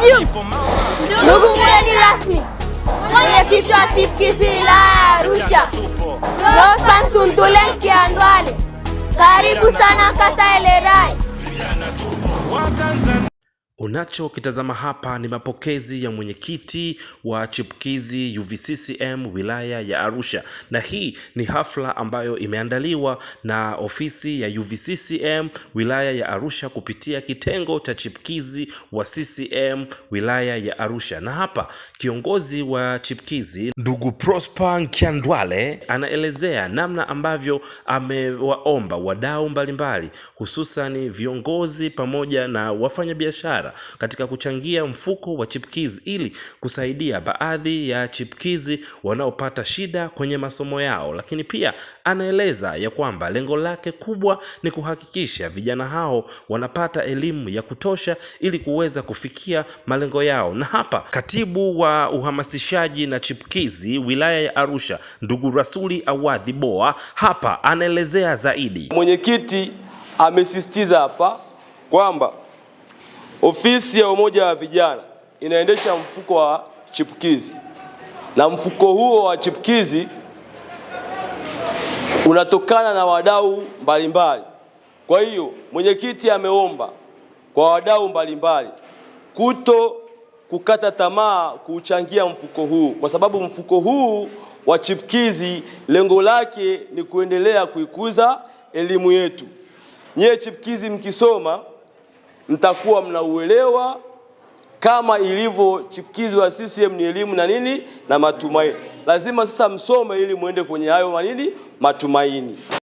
Hujumu ndugu mgeni rasmi mwenyekiti wa chipukizi wilaya ya Arusha Rostan Suntule Kiandwale, karibu sana kata Elerai. Unachokitazama hapa ni mapokezi ya mwenyekiti wa chipukizi UVCCM wilaya ya Arusha, na hii ni hafla ambayo imeandaliwa na ofisi ya UVCCM wilaya ya Arusha kupitia kitengo cha chipukizi wa CCM wilaya ya Arusha, na hapa kiongozi wa chipukizi ndugu Prosper Nkiandwale anaelezea namna ambavyo amewaomba wadau mbalimbali, hususani viongozi pamoja na wafanyabiashara biashara katika kuchangia mfuko wa chipkizi ili kusaidia baadhi ya chipkizi wanaopata shida kwenye masomo yao, lakini pia anaeleza ya kwamba lengo lake kubwa ni kuhakikisha vijana hao wanapata elimu ya kutosha ili kuweza kufikia malengo yao. Na hapa katibu wa uhamasishaji na chipkizi wilaya ya Arusha ndugu Rasuli Awadhi Boa hapa anaelezea zaidi. Mwenyekiti amesisitiza hapa kwamba Ofisi ya Umoja wa Vijana inaendesha mfuko wa chipukizi, na mfuko huo wa chipukizi unatokana na wadau mbalimbali. Kwa hiyo mwenyekiti ameomba kwa wadau mbalimbali kuto kukata tamaa kuuchangia mfuko huu, kwa sababu mfuko huu wa chipukizi lengo lake ni kuendelea kuikuza elimu yetu. Nyie chipukizi mkisoma mtakuwa mnauelewa kama ilivyo chipukizi wa CCM ni elimu na nini na matumaini. Lazima sasa msome ili muende kwenye hayo manini matumaini.